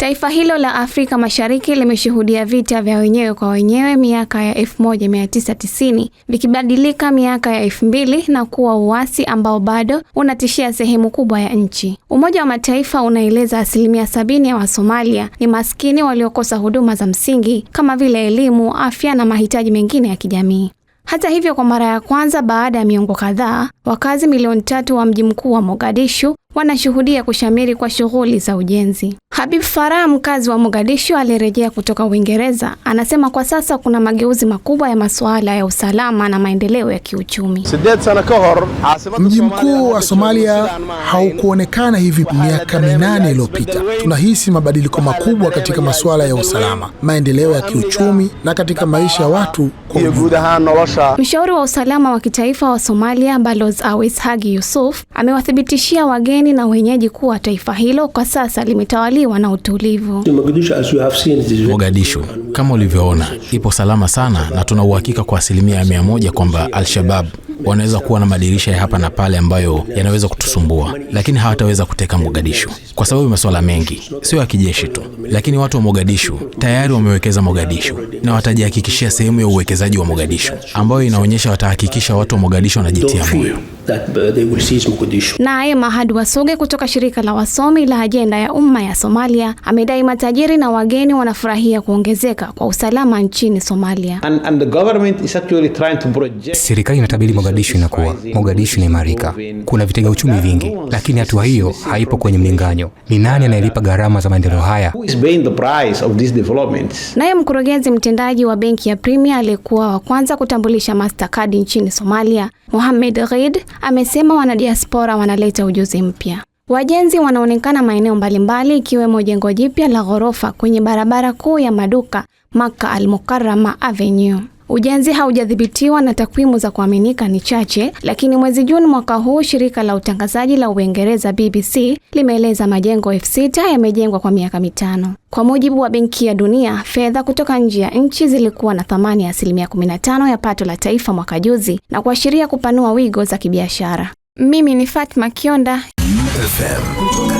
Taifa hilo la Afrika Mashariki limeshuhudia vita vya wenyewe kwa wenyewe miaka ya 1990 vikibadilika miaka ya 2000 na kuwa uasi ambao bado unatishia sehemu kubwa ya nchi. Umoja wa Mataifa unaeleza asilimia sabini ya Wasomalia ni maskini waliokosa huduma za msingi kama vile elimu, afya na mahitaji mengine ya kijamii. Hata hivyo, kwa mara ya kwanza baada ya miongo kadhaa, wakazi milioni tatu wa mji mkuu wa Mogadishu wanashuhudia kushamiri kwa shughuli za ujenzi. Habib Farah, mkazi wa Mogadishu aliyerejea kutoka Uingereza, anasema kwa sasa kuna mageuzi makubwa ya masuala ya usalama na maendeleo ya kiuchumi. Mji mkuu wa Somalia haukuonekana hivi miaka minane iliyopita. Tunahisi mabadiliko makubwa katika masuala ya usalama, maendeleo ya kiuchumi na katika maisha ya watu kwa ujumla. Mshauri wa usalama wa kitaifa wa Somalia, Balozi Awis Hagi Yusuf, amewathibitishia wageni Marekani na wenyeji kuwa taifa hilo kwa sasa limetawaliwa na utulivu. Mogadishu kama ulivyoona ipo salama sana, na tuna uhakika kwa asilimia mia moja kwamba Al-Shabab wanaweza kuwa na madirisha ya hapa na pale ambayo yanaweza kutusumbua, lakini hawataweza kuteka Mogadishu kwa sababu masuala mengi sio ya kijeshi tu, lakini watu wa Mogadishu tayari wamewekeza Mogadishu na watajihakikishia sehemu ya uwekezaji wa Mogadishu ambayo inaonyesha watahakikisha watu wa Mogadishu wanajitia moyo that they will seize Mogadishu. Naye Mahad Wasoge kutoka shirika la wasomi la ajenda ya umma ya Somalia amedai matajiri na wageni wanafurahia kuongezeka kwa usalama nchini Somalia. And, and the government is actually trying to project... Serikali inatabiri Mogadishu inakuwa Mogadishu inaimarika, kuna vitega uchumi vingi, lakini hatua hiyo haipo kwenye mlinganyo. Ni nani anayelipa gharama za maendeleo haya? Naye mkurugenzi mtendaji wa benki ya Premier aliyekuwa wa kwanza kutambulisha Mastercard nchini Somalia, Mohamed Reid amesema wanadiaspora wanaleta ujuzi mpya. Wajenzi wanaonekana maeneo mbalimbali ikiwemo jengo jipya la ghorofa kwenye barabara kuu ya maduka Makka Al Mukarrama Avenue. Ujenzi haujadhibitiwa na takwimu za kuaminika ni chache, lakini mwezi Juni mwaka huu shirika la utangazaji la Uingereza BBC limeeleza majengo elfu sita yamejengwa kwa miaka mitano. Kwa mujibu wa Benki ya Dunia, fedha kutoka nje ya nchi zilikuwa na thamani ya asilimia 15 ya pato la taifa mwaka juzi na kuashiria kupanua wigo za kibiashara. Mimi ni Fatma Kionda FM.